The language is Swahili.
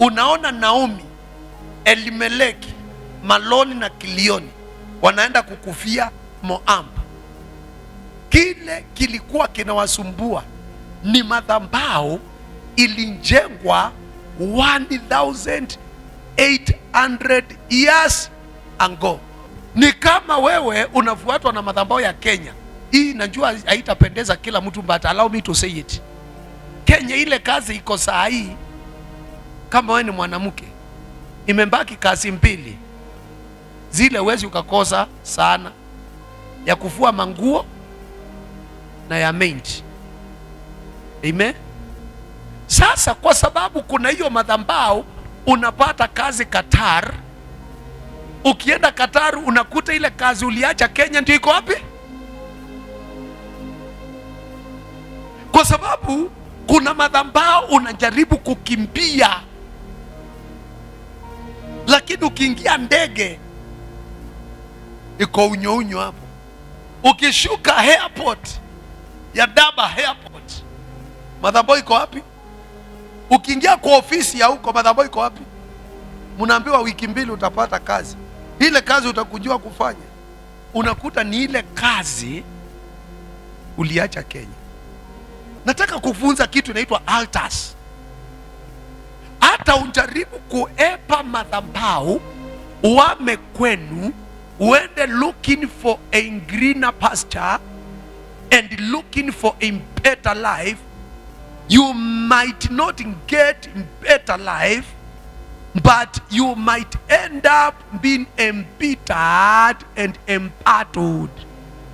Unaona, Naomi, Elimeleki, Maloni na Kilioni wanaenda kukufia Moab. Kile kilikuwa kinawasumbua ni madhabahu ilijengwa 1800 years ago. Ni kama wewe unafuatwa na madhabahu ya Kenya hii, najua haitapendeza kila mtu, but allow me to say it. Kenya ile kazi iko saa hii kama wewe ni mwanamke, imebaki kazi mbili zile uwezi ukakosa sana, ya kufua manguo na ya menji. Amen. Sasa kwa sababu kuna hiyo madhambao, unapata kazi Qatar. Ukienda Qatar unakuta ile kazi uliacha Kenya ndio iko wapi? Kwa sababu kuna madhambao, unajaribu kukimbia lakini ukiingia ndege iko unyounyo hapo. Ukishuka airport ya Daba airport, madhambo iko wapi? Ukiingia kwa ofisi ya huko, madhambo iko wapi? Mnaambiwa wiki mbili utapata kazi. Ile kazi utakujua kufanya, unakuta ni ile kazi uliacha Kenya. Nataka kufunza kitu inaitwa altars. Hata ujaribu kuep madhabahu uame kwenu uende looking for a greener pasture and looking for a better life you might not get better life but you might end up being embittered and embattled